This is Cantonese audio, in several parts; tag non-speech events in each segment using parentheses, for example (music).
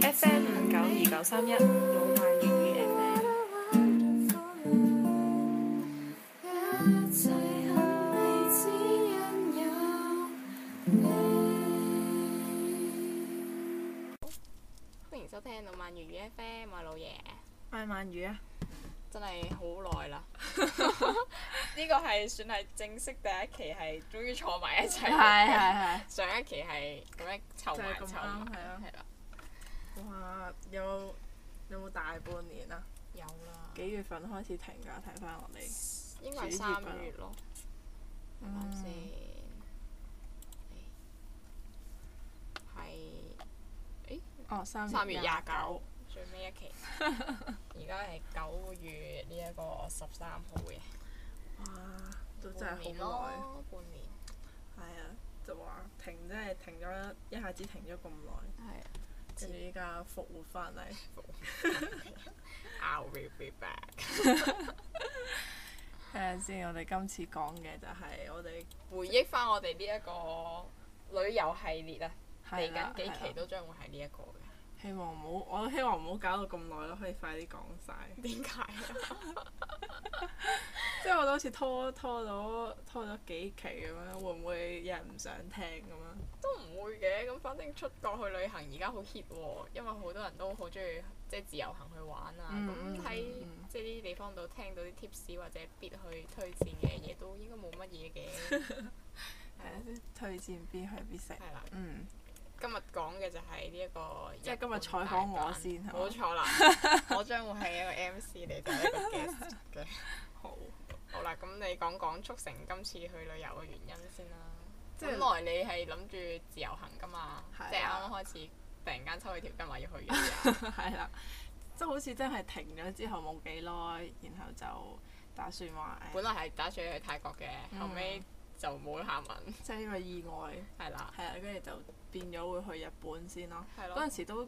F M 九二九三一老萬粵語 F M 歡迎收聽老萬粵語 F M，我係老爺。愛萬語啊！真係好耐啦！呢個係算係正式第一期，係終於坐埋一齊。係係係。上一期係咁樣湊埋湊。係啊係啊！有有冇大半年啊？有啦。幾月份開始停㗎？睇返落嚟。應該係三月咯。諗、嗯、下先。係。哎、哦，三月。廿九。最尾一期。而家係九月呢一個十三號嘅。哇！都真係好耐。半年。係啊，就話停，即係停咗，一下子停咗咁耐。係。 (laughs) (laughs) 跟住而家復活翻嚟活 (laughs) ，I will be back。睇下先，我哋今次講嘅就係我哋回憶翻我哋呢一個旅遊系列啊，嚟緊了幾期都將會係呢一個嘅。希望唔好，我希望唔好搞到咁耐咯，可以快啲講曬。點解啊？即係 (laughs) (laughs) 我都好似拖拖咗拖咗幾期咁樣，會唔會有人唔想聽咁啊？都唔會嘅，咁反正出國去旅行而家好 hit 喎，欸，因為好多人都好中意即係自由行去玩啊。咁喺即呢啲地方度聽到啲 tips 或者必去推薦嘅嘢，都應該冇乜嘢嘅。係啊，Yeah. (laughs) 推薦必去必，必食。係啦。嗯。s s 今日講嘅就係呢一個，即係今日採訪我先，冇錯啦。 (laughs) 我將會係一個 M.C. 嚟，就係一個 guest 嘅。好。好啦，咁你講講促成今次去旅遊嘅原因先啦。即本來你係諗住自由行㗎嘛，嗯、即係啱啱開始，啦突然間抽起條筋話要去旅遊。啦。即、就、係、是、好似真係停咗之後冇幾耐，然後就打算話、哎。本來係打算去泰國嘅，嗯、後尾就冇咗下文。即係因為意外。係啦。係啊，跟住就。變咗會去日本先咯，嗰陣的時都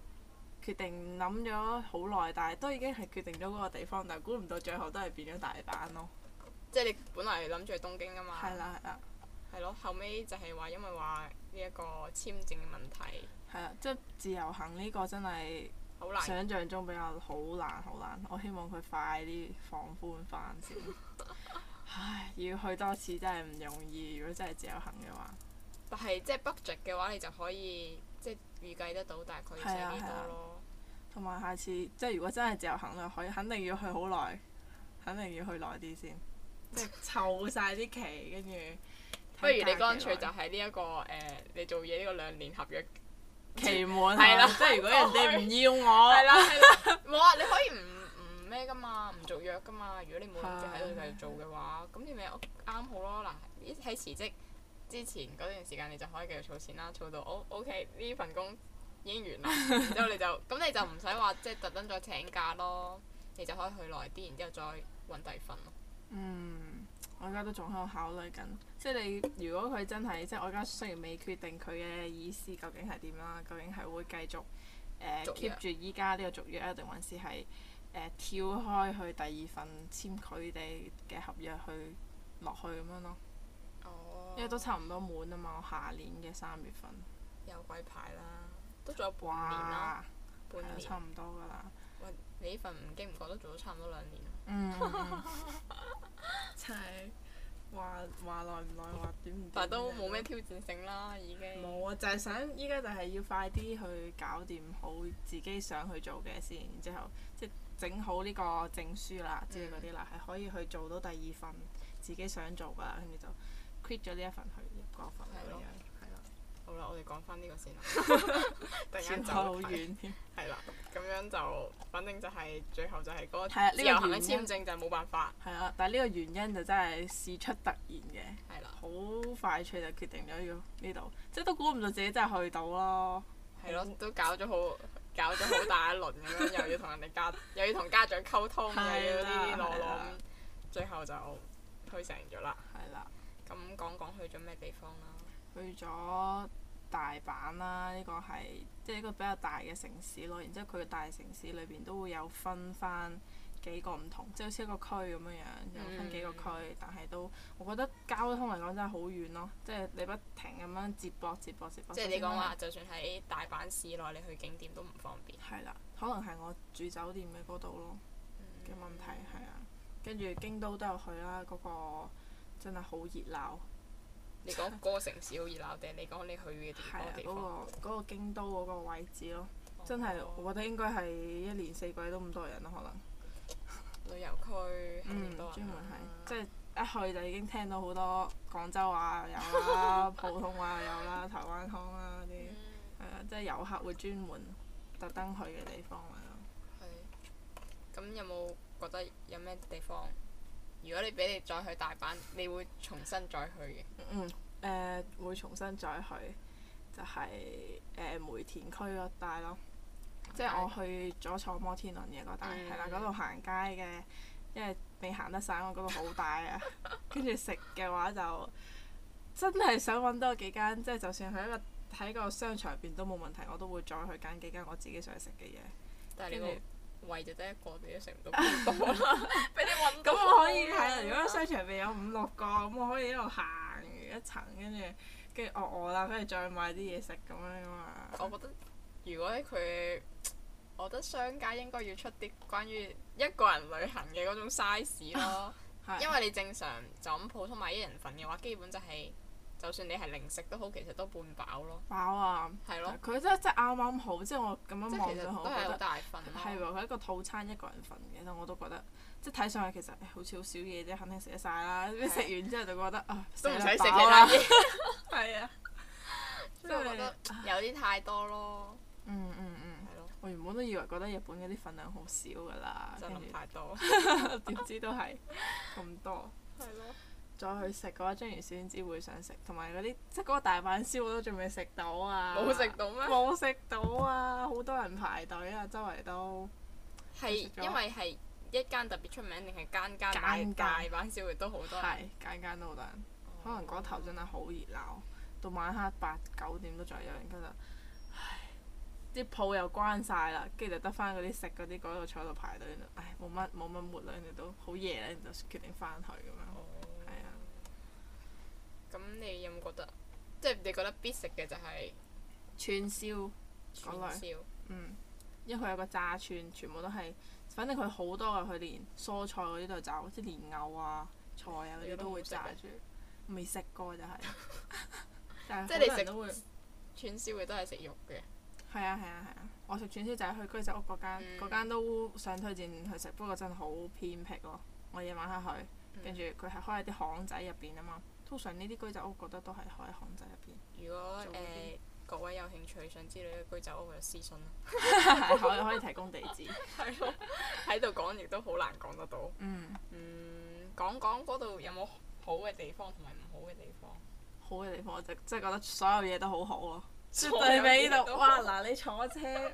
決定諗咗好耐，但係都已經係決定咗嗰個地方，但係估唔到最後都係變咗大阪咯。即係你本嚟諗住去東京㗎嘛。係啦係啦。係咯，後尾就係話因為話呢一個簽證嘅問題。係啊，即係自由行呢個真係好難，想像中比較好難好難，我希望佢快啲放寬翻先。唉，要去多次真係唔容易。如果真係自由行嘅話。但係即係 budget 嘅話，你就可以即係、就是、預計得到，大概要成幾多咯？同埋、啊啊、下次即係、就是、如果真係自由行咧，可以肯定要去好耐，肯定要去耐啲先，即係湊晒啲期跟住。不如你乾脆就喺呢一個誒、呃，你做嘢呢個兩年合約期滿。係啦，即係如果人哋唔要我。係啦係啦。冇啊！你可以唔唔咩㗎嘛？唔續約㗎嘛？嘗嘗 grit, 如果你冇諗住喺度繼續做嘅話，咁你咪啱好咯嗱，一睇辭職。之前嗰段時間你就可以繼續儲錢啦，儲到哦，OK，呢份工已經完啦， (laughs) 然之後你就咁 (laughs) 你就唔使話即係特登再請假咯，你就可以去耐啲，然之後再揾第二份咯。嗯，我而家都仲喺度考慮緊，即係你如果佢真係即係我而家雖然未決定佢嘅意思究竟係點啦，究竟係會繼續誒 keep 住依家呢個續約啊，定還是係誒、呃、跳開去第二份簽佢哋嘅合約去落去咁樣咯。因為都差唔多滿啊嘛，我下年嘅三月份有鬼牌啦，都做咗半年啦，哇半年差唔多噶啦。喂，你呢份唔驚唔覺都做咗差唔多兩年。嗯。嗯。就係話話耐唔耐話短唔短，久久怎樣怎樣但都冇咩挑戰性啦，已經。冇啊！就係想依家就係要快啲去搞掂好自己想去做嘅嘢先，然之後即整好呢個證書啦，之類嗰啲啦，係、嗯、可以去做到第二份自己想做噶，跟住就。f 咗呢一份去過份，咁咯，係咯，好啦，我哋講翻呢個先啦，突然間走好遠添，係啦，咁樣就，反正就係最後就係嗰個自由行嘅簽證就冇辦法，係啊，但係呢個原因就真係事出突然嘅，係啦，好快脆就決定咗要呢度，即係都估唔到自己真係去到咯，係咯，都搞咗好，搞咗好大一輪咁樣，又要同人哋家，又要同家長溝通，又要呢啲嗰啲，最後就推成咗啦，係啦。咁講講去咗咩地方啦？去咗大阪啦，呢、呢個係即係一個比較大嘅城市咯。然之後佢嘅大城市裏邊都會有分翻幾個唔同，即係好似一個區咁樣樣，有分幾個區。嗯、但係都我覺得交通嚟講真係好遠咯，即係你不停咁樣接駁、接駁、接駁。即係你講話，就算喺大阪市內，你去景點都唔方便。係啦，可能係我住酒店嘅嗰度咯嘅、嗯、問題係啊，跟住京都都有去啦，嗰、嗰個。真係好熱，熱鬧！你講嗰個城市好熱鬧，定係你講你去嘅地方？係嗰、 (laughs) (laughs) 啊那個嗰、嗰個京都嗰個位置咯，真係我覺得應該係一年四季都咁多人咯，可能旅遊區係多人、啊嗯、專門係 (laughs) 即係一去就已經聽到好多廣州話又有啦，普通話又有啦，台灣腔啦嗰啲，係、 (laughs) 嗯、啊，即係遊客會專門特登去嘅地方咁、嗯嗯、有冇覺得有咩地方？ (laughs) (laughs) 如果你俾你再去大阪，你會重新再去嘅？嗯嗯，誒、呃、會重新再去，就係、是、誒、呃、梅田區嗰帶咯，即係是我去咗坐摩天輪嘅嗰帶，係、嗯、啦，嗰度行街嘅，因為未行得曬，我嗰度好大啊，跟住食嘅話就真係想揾多幾間，即、就、係、是、就算去一個喺個商場入邊都冇問題，我都會再去揀幾間我自己想食嘅嘢。胃就得一個，你都食唔到幾多。咁我可以係啊！對嗯、如果商場入邊有五六個，咁 (laughs) 我可以一路行一層，跟住跟住餓餓啦，跟住再買啲嘢食咁樣噶嘛。 (laughs) 我覺得如果佢，我覺得商家應該要出啲關於一個人旅行嘅嗰種 size 咯， (laughs) 因為你正常 (laughs) 就咁普通買一人份嘅話，基本就係、是。就算你係零食都好，其實都半飽咯。飽啊！係咯，佢真係真係啱啱好，即係我咁樣望都好大份，覺得係喎，佢一個套餐一個人份嘅，我都覺得即係睇上去其實好似好少嘢啫，肯定食得曬啦。跟住食完之後，就覺得啊，都唔使食其他嘢，係啊，即我覺得有啲太多咯。嗯嗯嗯。係咯。我原本都以為覺得日本嗰啲份量好少㗎啦。真係。太多。點知都係咁多。係咯。再去食嘅話，章魚小丸子會想食，同埋嗰啲即係嗰個大阪燒，我都仲未食到啊！冇食到咩？冇食到啊！好多人排隊啊，周圍都係是因為係一間特別出名，定係間間間，間大阪燒亦都好多。係間間都好多人，哦、可能嗰頭真係好熱鬧，哦、到晚黑八九點都仲有人。跟住就唉，啲鋪又關晒啦，跟住就得翻嗰啲食嗰啲嗰度坐度排隊。唉，冇乜冇乜活啦，人家人家都好夜啦，就決定翻去咁樣。咁你有冇覺得？即係你覺得必食嘅就係串燒。串燒。嗯，因為佢有個炸串，全部都係，反正佢好多嘅，佢連蔬菜嗰啲都炸，好似蓮藕啊、菜啊嗰啲都會炸住。未食過就係。但係即係好多人都會串燒嘅，都係食肉嘅。係啊係啊係啊！嗯、我食串燒就係去居酒屋嗰間，嗰間都想推薦去食，不過真係好偏僻咯。我夜晚黑去，跟住佢係開喺啲巷仔入邊啊嘛。通常呢啲居酒屋覺得都係喺巷仔入邊。如果誒各位有興趣想知呢啲居酒屋嘅私信，係可可以提供地址。係咯，喺度講亦都好難講得到。嗯。嗯，講講嗰度有冇好嘅地方同埋唔好嘅地方？好嘅地方我就即即覺得所有嘢都好好咯。絕對美呢度哇！嗱，你坐車，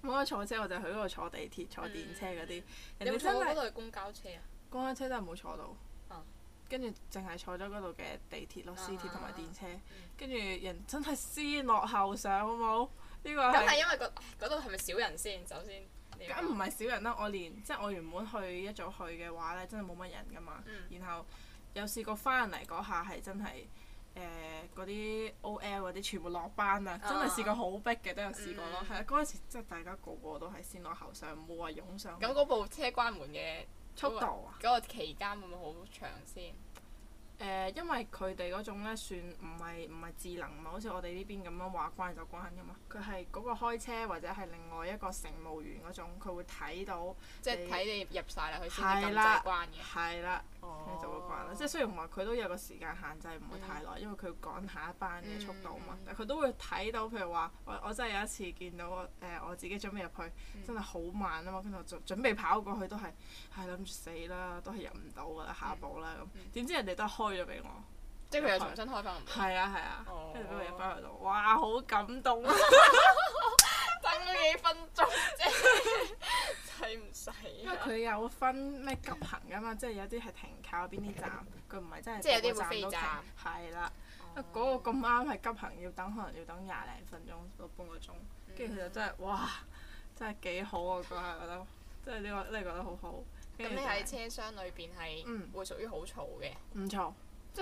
唔好講坐車，我就去嗰度坐地鐵、坐電車嗰啲。有冇坐嗰度公交車啊？公交車真係冇坐到。跟住淨係坐咗嗰度嘅地鐵咯，私鐵同埋電車。跟住、啊嗯、人真係先落後上，好冇？呢、這個係咁係因為個嗰度係咪少人先？首先，梗唔係少人啦。我連即係、就是、我原本去一早去嘅話咧，真係冇乜人㗎嘛。嗯、然後有試過翻嚟嗰下係真係。誒嗰啲 OL 嗰啲全部落班啊，真係試過好逼嘅都有試過咯。係啊、嗯，嗰陣、嗯、時即係大家個個都係先落後上，冇話湧上。咁嗰部車關門嘅。速度啊！嗰個期間會唔會好長先？誒、呃，因為佢哋嗰種呢，算唔係唔係智能，唔好似我哋呢邊咁樣話關就關噶嘛。佢係嗰個開車或者係另外一個乘務員嗰種，佢會睇到，即係睇你入曬啦，佢先至咁就關嘅。係啦。你就會慣啦，即係雖然話佢都有個時間限制，唔會太耐，嗯、因為佢趕下一班嘅速度啊嘛。嗯、但係佢都會睇到，譬如話，我我真係有一次見到誒、呃、我自己準備入去，嗯、真係好慢啊嘛。跟住我準準備跑過去都，都係係諗住死啦，都係入唔到噶啦，下一步啦咁。點知人哋都係開咗俾我。即佢又重新開翻，係啊係啊，跟住咁又翻去到，哇好感動啊！等咗幾分鐘啫，即係使唔使？因為佢有分咩急行噶嘛，即係有啲係停靠邊啲站，佢唔係真係。即係有啲會飛站。係啦，嗰個咁啱係急行，要等可能要等廿零分鐘到半個鐘，跟住其實真係哇，真係幾好啊！我覺得，即係呢個，你覺得好好。咁你喺車廂裏邊係會屬於好嘈嘅。唔錯。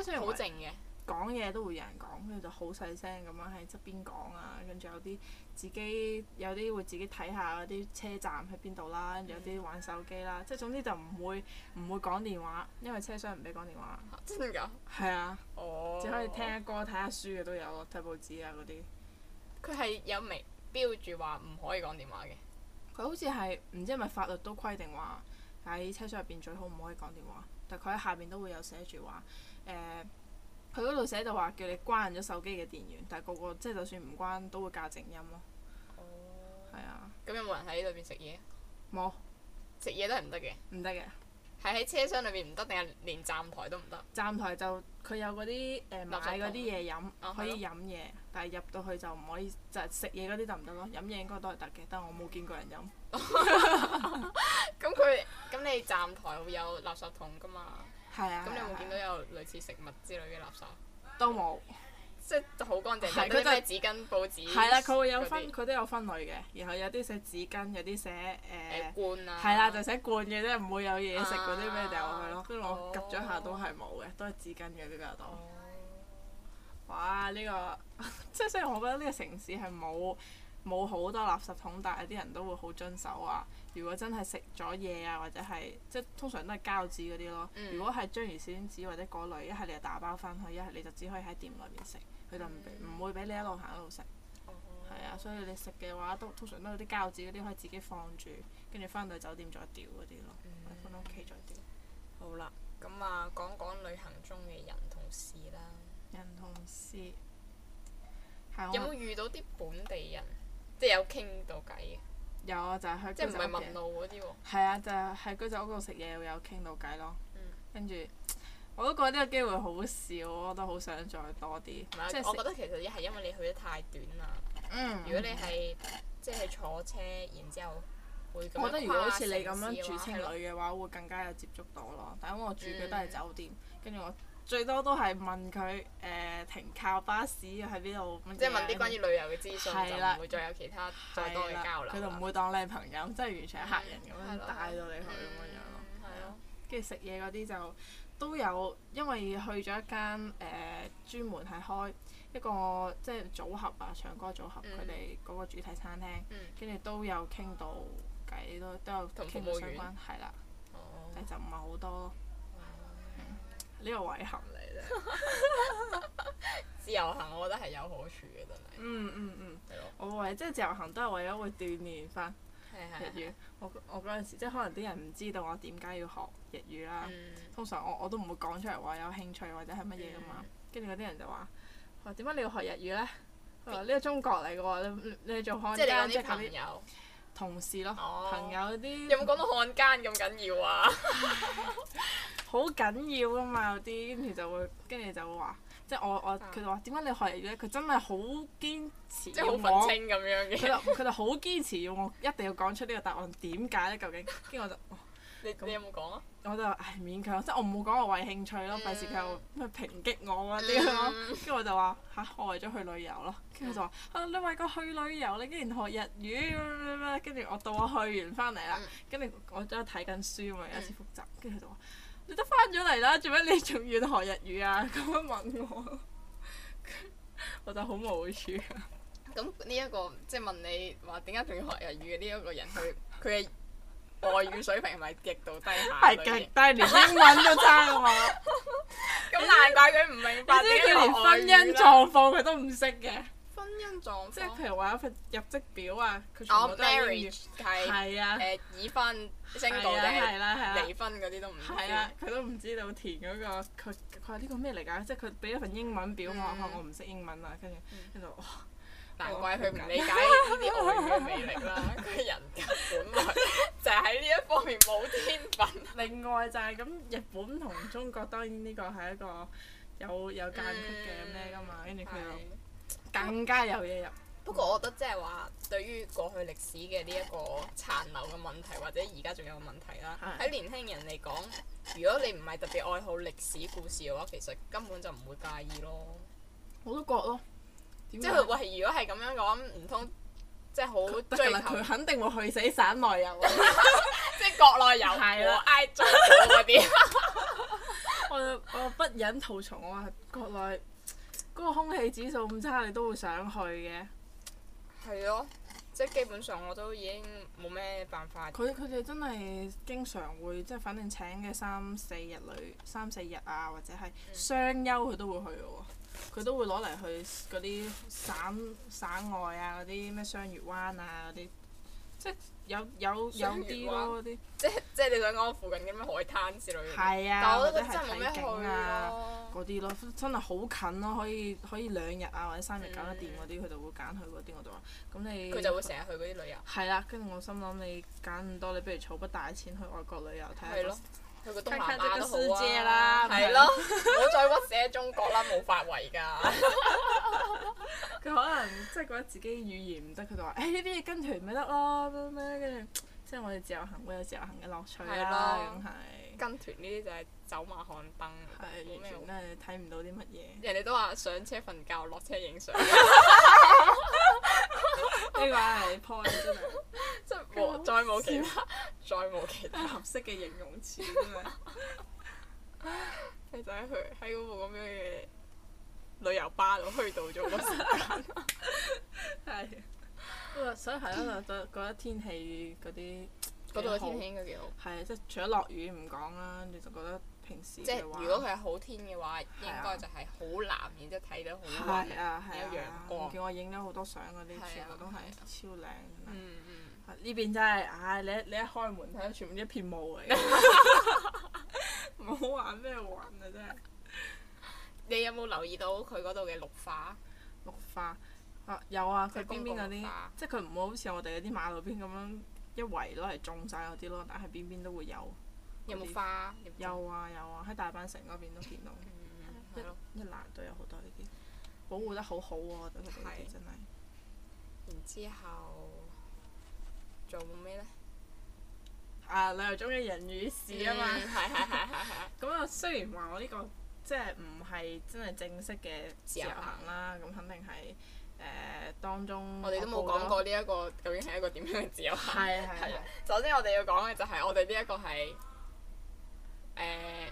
即係好靜嘅，講嘢都會有人講，跟住就好細聲咁樣喺側邊講啊。跟住有啲自己有啲會自己睇下嗰啲車站喺邊度啦，跟住有啲玩手機啦。即係、嗯、總之就唔會唔會講電話，因為車廂唔俾講電話。真㗎！係啊，哦，oh. 只可以聽下歌、睇下書嘅都有咯，睇報紙啊嗰啲。佢係有明標住話唔可以講電話嘅。佢好似係唔知係咪法律都規定話喺車廂入邊最好唔可以講電話，但佢喺下邊都會有寫住話。誒，佢嗰度寫就話叫你關咗手機嘅電源，但係個個即係就算唔關都會較靜音咯。哦。係啊。咁有冇人喺裏面食嘢？冇。食嘢都係唔得嘅。唔得嘅。係喺車廂裏面，唔得定係連站台都唔得？站台就佢有嗰啲誒買嗰啲嘢飲，可以飲嘢，但係入到去就唔可以，就係食嘢嗰啲就唔得咯？飲嘢應該都係得嘅，但係我冇見過人飲。咁佢咁你站台會有垃圾桶㗎嘛？係啊！咁你有冇見到有類似食物之類嘅垃圾？都冇，即係好乾淨。係，佢都係紙巾、報紙。係啦，佢會有分，佢都有分類嘅，然後有啲寫紙巾，有啲寫誒、呃呃、罐啊。係啦，就係、寫罐嘅啫，唔會有嘢食嗰啲俾你掉落去咯。跟住、啊、我 𥄫 咗下都係冇嘅，都係紙巾嘅比較多。哦！哇！呢、呢個即係雖然我覺得呢個城市係冇。冇好多垃圾桶，但係啲人都會好遵守啊！如果真係食咗嘢啊，或者係即係通常都係膠紙嗰啲咯。嗯、如果係章魚小丸子或者嗰類，一係你就打包翻去，一係你就只可以喺店裏面食，佢就唔唔、嗯、會俾你一路行一路食。係、哦、啊，所以你食嘅話都通常都係啲膠紙嗰啲，可以自己放住，跟住翻到酒店再掉嗰啲咯，翻到屋企再掉。好啦，咁啊，講講旅行中嘅人同事啦。人同事。有冇遇到啲本地人？即係有傾到偈嘅。有、就係、 (noise) 啊，就係、係、喺居酒。即係唔係問路嗰啲喎。係啊，就係喺居酒屋度食嘢，會有傾到偈咯。跟住、嗯，我都覺得呢個機會好少咯，我都好想再多啲。唔係是，我覺得其實係因為你去得太短啦。嗯、如果你係即係坐車，然之後會咁樣，我覺得如果好似你咁樣住青旅嘅話，話會更加有接觸到咯。但因為我住嘅都係酒店，跟住、嗯、我。最多都係問佢誒停靠巴士喺邊度，即係問啲關於旅遊嘅資訊，就唔會再有其他再多嘅交流。佢就唔會當你係朋友，即係完全係客人咁樣帶到你去咁樣咯。係咯。跟住食嘢嗰啲就都有，因為去咗一間誒專門係開一個即係組合啊，唱歌組合佢哋嗰個主題餐廳，跟住都有傾到偈，都都有傾到相關係啦，但係就唔係好多。呢個遺憾嚟啫， (laughs) 自由行我覺得係有好處嘅，真係、嗯。嗯嗯嗯。係咯的。我為即係、就是、自由行都係為咗會鍛鍊翻日語。的我我嗰陣時即係、就是、可能啲人唔知道我點解要學日語啦。嗯、通常我我都唔會講出嚟話有興趣或者係乜嘢㗎嘛。跟住嗰啲人就話，點解你要學日語咧？佢話、嗯：呢個中國嚟嘅喎，你你你係做漢奸。即係你有啲朋友。同事咯，oh, 朋友啲有冇講到漢奸咁緊要啊？好 (laughs) 緊 (laughs) 要啊嘛，有啲跟住就會，跟住就會話，即係我我佢就話點解你學嚟嘅？佢真係好堅持，即係好憤青咁樣嘅。佢就佢就好堅持要我一定要講出呢個答案，點解呢？究竟？跟住我就。 (laughs) 你你有冇講啊？我就唉勉強，即係我唔會講我為興趣咯。費事佢又咩抨擊我嗰啲咯。跟住、嗯、我就話嚇、啊，我為咗去旅遊咯。跟住佢就話、嗯、啊，你為個去旅遊，你竟然學日語咩咩咩？跟住、嗯、我到我去完翻嚟啦，跟住、嗯、我都喺度睇緊書嘛，有次複習。跟住佢就話：你都翻咗嚟啦，做咩你仲要學日語啊？咁樣問我， (laughs) 我就好無語、嗯。咁呢一個即係、就是、問你話點解仲要學日語嘅呢一個人？佢佢係。外語水平係咪極度低下？係 (laughs) 極低，連英文都差啊嘛！咁難怪佢唔明白。即係佢連婚姻狀況佢都唔識嘅。婚姻狀況即係譬如話一份入職表啊，佢全部都係英文。Marriage 係啊，誒已婚、升到，嘅啦、啊，係啦，離婚嗰啲都唔係啊，佢、啊啊啊、都唔知道填嗰、那個，佢佢話呢個咩嚟㗎？即係佢俾一份英文表嘛，嗯、我唔識英文啊，跟住，跟住我。 (laughs) 難怪佢唔理解呢啲愛嘅魅力啦！佢 (laughs) 人格本來就喺呢一方面冇天分。 (laughs) 另外就係咁，日本同中國當然呢個係一個有有間隙嘅咩噶嘛，跟住佢又更加有嘢入的。嗯、不過我覺得即係話，對於過去歷史嘅呢一個殘留嘅問題，或者而家仲有個問題啦。喺的年輕人嚟講，如果你唔係特別愛好歷史故事嘅話，其實根本就唔會介意咯。我都覺咯。即係我如果係咁樣講，唔通即係好追求佢肯定會去死省內遊， (laughs) (laughs) 即係國內遊， (laughs) 我挨足嗰啲。我我不忍吐槽，我話國內嗰個空氣指數咁差，你都會想去嘅。係咯，即係基本上我都已經冇咩辦法。佢佢哋真係經常會即係，反正請嘅三四日旅、三四日啊，或者係雙休，佢都會去嘅喎。佢都會攞嚟去嗰啲省省外啊，嗰啲咩雙月灣啊嗰啲，即係有有有啲咯，嗰啲即即係你想講附近咁咩海灘之類嘅，但係啊，真係冇咩去嗰啲咯，真係好近咯，可以可以兩日啊或者三日搞得掂嗰啲，佢、嗯、就會揀去嗰啲我就話，咁你佢就會成日去嗰啲旅遊。係啦、啊，跟住我心諗你揀咁多，你不如儲筆大錢去外國旅遊睇下，看看佢個東南亞都好啊，係咯，唔好再屈死喺中國啦，冇發圍㗎。佢可能即係覺得自己語言唔得，佢就話：誒呢啲嘢跟團咪得、啊啊啊、咯，咩咩跟住，即係我哋自由行，會有自由行嘅樂趣啦，咁係。跟團呢啲就係走馬看燈，完全睇唔到啲乜嘢？人哋都話上車瞓覺，落車影相。 (laughs) (laughs) 呢個係 point 真係，很再冇其，其他，再冇其他合適嘅形容詞真係，係就喺佢喺嗰部咁樣嘅旅遊巴度虛度咗個時間。 (laughs) (laughs) 所以，所以我覺得覺得天氣嗰啲，嗰度天氣應該幾好。係啊，即係除咗落雨唔講啦，跟住就覺得。平時話即係如果佢係好天嘅話，啊、應該就係好藍，然之後睇到好多啲陽光。見我影咗好多相嗰啲全部都係、啊啊啊、超靚、嗯。嗯嗯。呢、啊、邊真係，唉、啊！你一你一開門睇到全部一片霧嚟，冇話咩雲啊！真係。 (laughs) 你有冇留意到佢嗰度嘅綠化？綠化啊，有啊。邊邊邊有即係佢唔會好似我哋嗰啲馬路邊咁樣一圍攞嚟種晒嗰啲咯，但係邊,邊邊都會有。有冇花？有啊有啊，喺大阪城嗰邊都見到，係囉，一欄都有好多呢啲，保護得好好喎！嗰度嗰啲真係。然之後做咩呢？啊！旅遊中嘅人與事啊嘛！係係係係咁啊，雖然話我呢個即係唔係真係正式嘅自由行啦，咁肯定係誒當中。我哋都冇講過呢一個究竟係一個點樣嘅自由行。係係。首先，我哋要講嘅就係我哋呢一個係。誒、呃、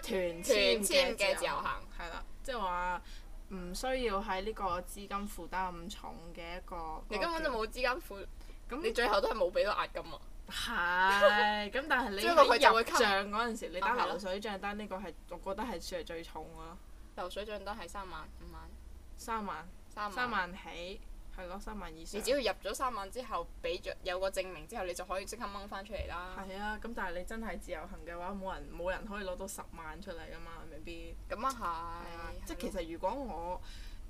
團簽嘅自由行係啦，即係話唔需要喺呢個資金負擔咁重嘅一個。你根本就冇資金負，咁那你最後都係冇俾到押金喎！係，咁但係你呢，你入帳嗰陣時，你打流水賬單呢個係我覺得係算係最重咯。流水賬單係三萬五萬。三萬三萬起。係咯，三萬以上。你只要入咗三萬之後，俾著有個證明之後，你就可以即刻掹翻出嚟啦。係啊，咁但係你真係自由行嘅話，冇人冇人可以攞到十萬出嚟噶嘛？未必咁啊係，即係其實如果我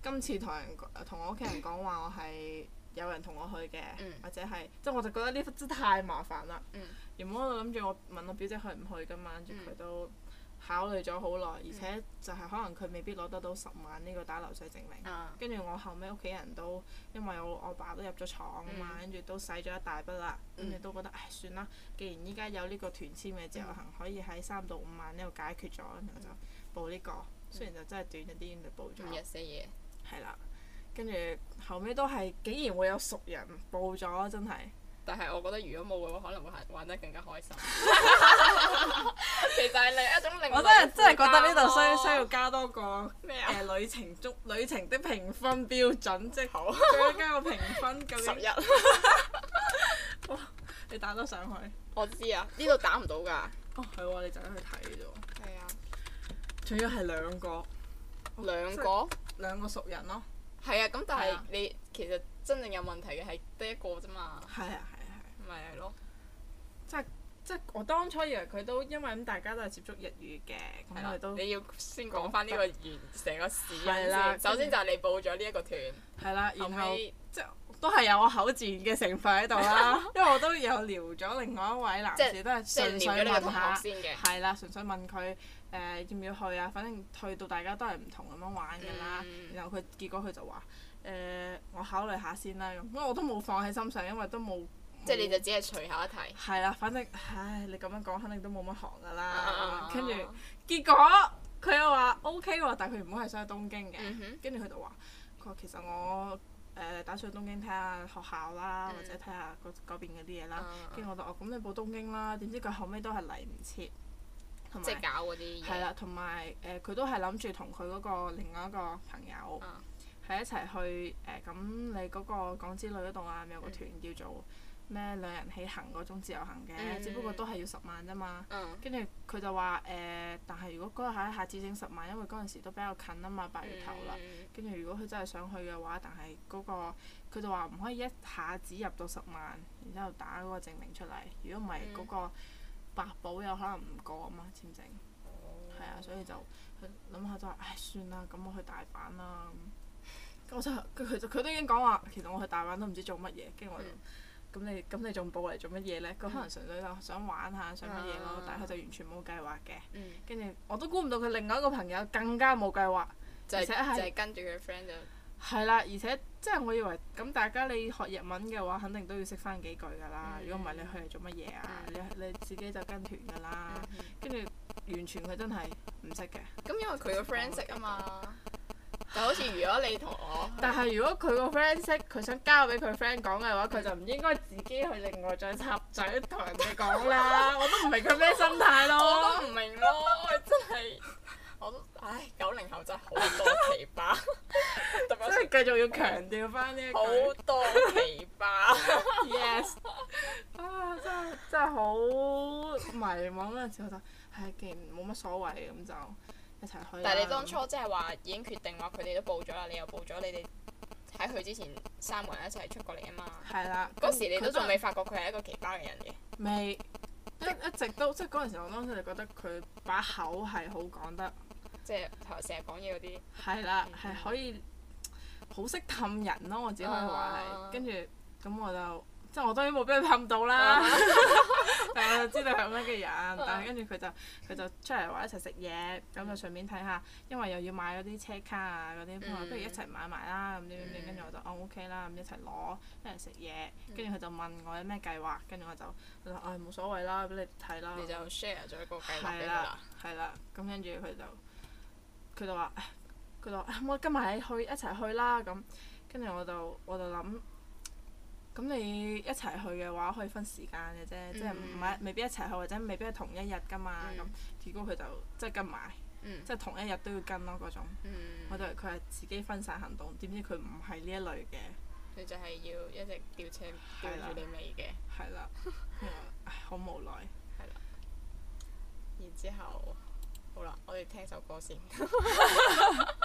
今次同人同我屋企人講話，我係有人同我去嘅，嗯、或者係即係我就覺得呢筆真係太麻煩啦。原本、嗯、我諗住我問我表姐去唔去噶嘛，跟住佢都。考慮咗好耐，而且就係可能佢未必攞得到十萬呢個打流水證明。跟住、uh. 我後尾屋企人都因為我我爸都入咗廠啊嘛，跟住、um. 都使咗一大筆啦。咁、um. 你都覺得唉算啦，既然依家有呢個團簽嘅自由行，um. 可以喺三到五萬呢度解決咗，um. 然後就報呢、這個。雖然就真係短咗啲，但報咗。係啦，跟住後尾都係，竟然會有熟人報咗，真係。但係我覺得如果冇嘅話，可能會係玩得更加開心。 (laughs) (laughs) 其實係另一種。我真係真係覺得呢度需需要加多個咩啊麼、呃？旅程中旅程的評分標準即係點樣加個評分？十日。 (laughs) 哇、哦！你打咗上去。我知、 (laughs) oh, 啊，呢度打唔到㗎。哦，係喎，你就咁去睇啫喎。係啊。主要係兩個。兩個？兩個熟人咯。係啊，咁但係你其實真正有問題嘅係得一個啫嘛。係啊。咪係咯，即係即係我當初以為佢都因為咁，大家都係接觸日語嘅。咁咪了都你要先講翻呢個完成個事先。了首先就係你報咗呢一個團，係啦，然後，後來即係都係有我口自然嘅成分喺度啦， (laughs) 因為我都有聊咗另外一位男士，都係、就是、純粹問下，係啦，純粹問佢誒、呃、要唔要去啊，反正去到大家都係唔同咁樣玩嘅啦。嗯、然後佢結果佢就話誒、呃、我考慮下先啦咁，因為我都冇放喺心上，因為都冇。即係你就只係隨口一提。係啦、嗯，反正唉，你咁樣講肯定都冇乜行噶啦。跟住、oh. 結果佢又話 O.K. 喎，但係佢唔好係想去東京嘅。跟住佢就話：佢話其實我誒、呃、打算去東京睇下學校啦，mm hmm. 或者睇下嗰邊嗰啲嘢啦。跟住、uh huh. 我就話：哦、嗯，咁你報東京啦。點知佢後尾都係嚟唔切。即係搞嗰啲。係啦，同埋誒佢都係諗住同佢嗰個另外一個朋友係一齊去誒。咁、呃呃呃、你嗰個廣之旅嗰度啊，咪有個團叫做。Mm hmm. 咩兩人起行嗰種自由行嘅，嗯、只不過都係要十萬啫嘛。跟住佢就話誒、呃，但係如果嗰日係一下子整十萬，因為嗰陣時都比較近啊嘛，八月頭啦。跟住、嗯、如果佢真係想去嘅話，但係嗰、嗰個佢就話唔可以一下子入到十萬，然之後打嗰個證明出嚟。如果唔係嗰個百保有可能唔過啊嘛，簽證。係、嗯、啊，所以就諗下就話唉，算啦，咁我去大阪啦。我就佢佢都已經講話，其實我去大阪都唔知做乜嘢。跟住我就。嗯咁你咁你仲報嚟做乜嘢咧？佢可能純粹就想玩下，想乜嘢咯。但係佢就完全冇計劃嘅。跟住我都估唔到佢另外一個朋友更加冇計劃，而且係跟住佢 friend 就係啦。而且即係我以為咁大家你學日文嘅話，肯定都要識返幾句㗎啦。如果唔係你去嚟做乜嘢啊？你你自己就跟團㗎啦。跟住完全佢真係唔識嘅。咁因為佢個 friend 識啊嘛。就好似如果你同我， (music) 但係如果佢個 friend 識，佢想交俾佢 friend 講嘅話，佢就唔應該自己去另外再插嘴同人哋講啦。我都唔明佢咩心態咯。我都唔明咯，真係，我都唉九零後真係好多奇葩，真係繼續要強調翻呢一句。好多奇葩。 (laughs) Yes。 (laughs) 啊，真係真係好迷茫。嗰陣時，我就唉既然冇乜所謂咁就。一齊去啊，但係你當初即係話已經決定話佢哋都報咗啦，你又報咗，你哋喺佢之前三個人一齊出過嚟啊嘛。係啦。嗰時你都仲未發覺佢係一個奇葩嘅人嘅。未，一即一直都即係嗰陣時，我當初就覺得佢把口係好講得，即係成日講嘢嗰啲。係啦，係、嗯、可以好識氹人咯，我只可以話係。嗯嗯、跟住咁我就。即係我當然冇俾佢氹到啦， (laughs) (laughs) 但係我知道係咁樣嘅人。但係跟住佢就佢就出嚟話一齊食嘢，咁就順便睇下。因為又要買嗰啲車卡啊嗰啲，不如一齊買埋啦咁啲啲。樣樣嗯、跟住我就哦 OK 啦，咁一齊攞一齊食嘢。跟住佢就問我有咩計劃，跟住我、哎啊、我，我就，我話誒冇所謂啦，俾你睇啦。你就 share 咗一個計劃俾佢。係啦，係啦，咁跟住佢就佢就話佢就話，我跟埋你去一齊去啦咁。跟住我就我就諗。咁你一齊去嘅話，可以分時間嘅啫，嗯、即係唔係未必一齊去，或者未必係同一日㗎嘛。咁結、嗯、果佢就即係跟埋，即係、嗯、同一日都要跟咯嗰種。嗯、我就覺得佢係自己分散行動，點知佢唔係呢一類嘅。佢就係要一直吊車吊住你尾嘅。係啦。唉，好無奈。係啦。然之後，好啦，我哋聽首歌先。 (laughs) (laughs)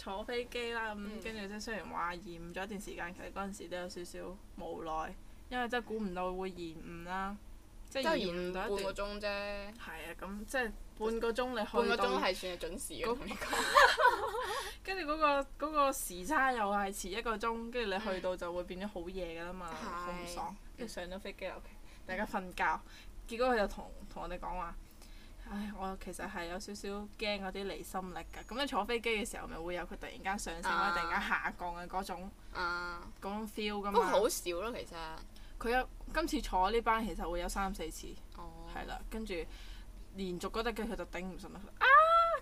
坐飛機啦，咁跟住即係雖然話延誤咗一段時間，其實嗰陣時都有少少無奈，因為真係估唔到會延誤啦，即係延誤咗半個鐘啫。係啊，咁即係半個鐘你。半個鐘係算係準時嘅。跟住嗰個嗰、 (laughs) (laughs) 嗰個嗰個時差又係遲一個鐘，跟住你去到就會變咗好夜㗎啦嘛，好唔、嗯、爽。跟住是上咗飛機後期，okay, 嗯、大家瞓覺，結果佢就同同我哋講話。唉，我其實係有少少驚嗰啲離心力㗎。咁你坐飛機嘅時候，咪會有佢突然間上升啊，uh, 或者突然間下降嘅嗰種嗰、uh, 種 feel 㗎嘛好少咯，其實。佢有今次坐呢班，其實會有三四次，係啦、oh.，跟住連續嗰啲嘅佢就頂唔順啦。啊，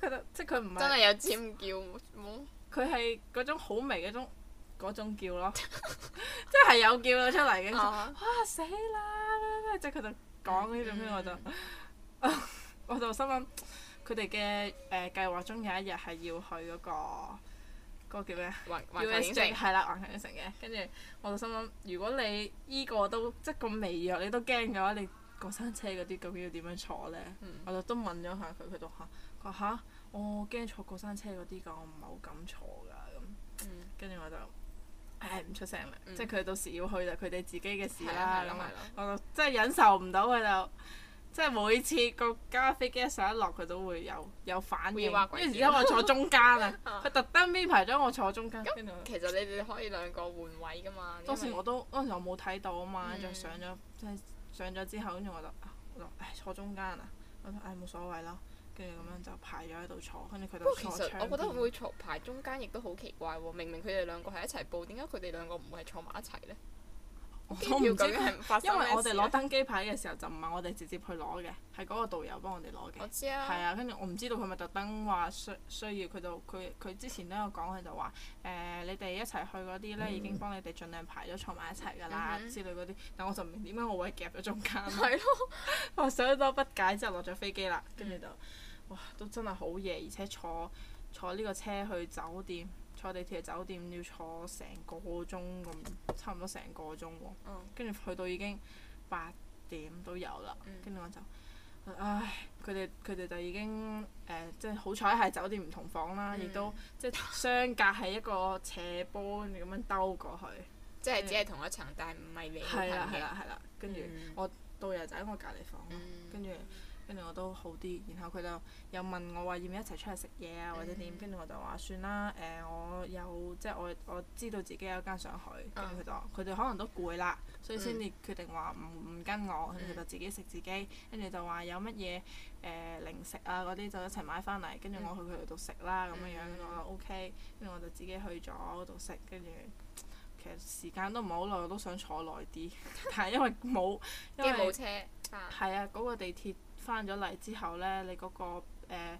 佢就即係佢唔係。真係有尖叫冇？佢係嗰種好微嘅種嗰種叫咯，即係有叫到出嚟嘅。哇死啦！咁樣咁樣，即係佢就講呢種，跟住我就。我就心諗佢哋嘅誒計劃中有一日係要去嗰、那個嗰、那個叫咩啊？USJ，係啦，環球城嘅。跟住我就心諗，如果你依個都即係咁微弱，你都驚嘅話，你過山車嗰啲究竟要點樣坐咧？嗯、我就都問咗下佢，佢就話：佢話嚇，我、啊、驚、哦、坐過山車嗰啲㗎，我唔係好敢坐㗎咁。跟、嗯、住、嗯、我就誒唔出聲啦，嗯、即係佢到時要去就佢哋自己嘅事啦。我即係忍受唔到佢就。Right. 即係每次個架飛機一上一落，佢都會有有反應。嗰陣時，因為我坐中間啊，佢特登編排咗我坐中間。咁其實你哋可以兩個換位㗎嘛？因為 當時我都，當時我冇睇到啊嘛，就、嗯、上咗，即係上咗之後，跟住我就啊，我就唉坐中間啊，我就唉冇所謂咯。跟住咁樣就排咗喺度坐，跟住佢就坐窗。我覺得會，會坐排中間亦都好奇怪喎、哦，明明佢哋兩個係一齊報，點解佢哋兩個唔會係坐埋一齊咧？我唔、啊、因為我哋攞登機牌嘅時候就唔係我哋直接去攞嘅，係嗰個導遊幫我哋攞嘅。我知啊。係啊，跟住、啊、我唔知道佢咪特登話需需要佢就佢佢之前都有講，佢就話誒、呃、你哋一齊去嗰啲呢、嗯、已經幫你哋盡量排咗坐埋一齊㗎啦之類嗰啲，但我就唔明點解我會夾咗中間。係咯 (laughs) 了，我係 (laughs) 想咗不解，之後落咗飛機啦，跟住、嗯、就哇都真係好夜，而且坐坐呢個車去酒店。坐地鐵去酒店要坐成個鐘咁，差唔多成個鐘喎。跟住、嗯、去到已經八點都有啦。跟住、嗯、我就，唉，佢哋佢哋就已經誒、呃，即係好彩係酒店唔同房啦，亦、嗯、都即係相隔係一個斜坡咁樣兜過去，嗯、即係只係同一層，但係唔係連係。係啦係啦，跟住我導遊就喺我隔籬房，嗯、跟住。跟住我都好啲，然後佢就又問我話要唔要一齊出去食嘢啊，或者點？跟住我就話算啦，誒、呃、我有即係我我知道自己有間想去，跟住佢就話佢哋可能都攰啦，所以先至決定話唔唔跟我，佢就自己食自己。跟住就話有乜嘢誒零食啊嗰啲就一齊買翻嚟，跟住我去佢哋度食啦咁樣樣，我話、mm so、O，K，跟住我就自己去咗嗰度食，跟住其實時間都唔係好耐，我都想坐耐啲， (laughs) 但係因為冇，因為冇車，係啊嗰個地鐵。翻咗嚟之後呢，你嗰、那個誒嗰、呃